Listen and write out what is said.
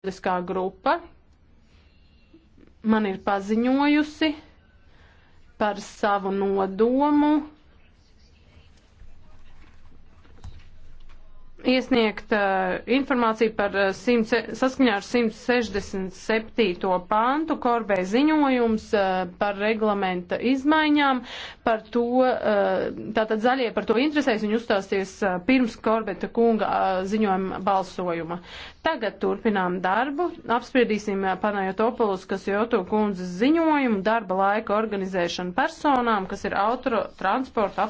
sabiedriskā grupa man ir paziņojusi par savu nodomu iesniegt uh, informāciju par uh, eh, 100, saskaņā ar 167. pāntu korbei ziņojums uh, par reglamenta izmaiņām, par to, uh, tātad zaļie par to interesēs, viņi uzstāsies uh, pirms korbeta kunga uh, ziņojuma balsojuma. Tagad turpinām darbu, apspriedīsim uh, Panajotopolus, kas Joto kundzes ziņojumu, darba laika organizēšanu personām, kas ir autotransporta apkārt.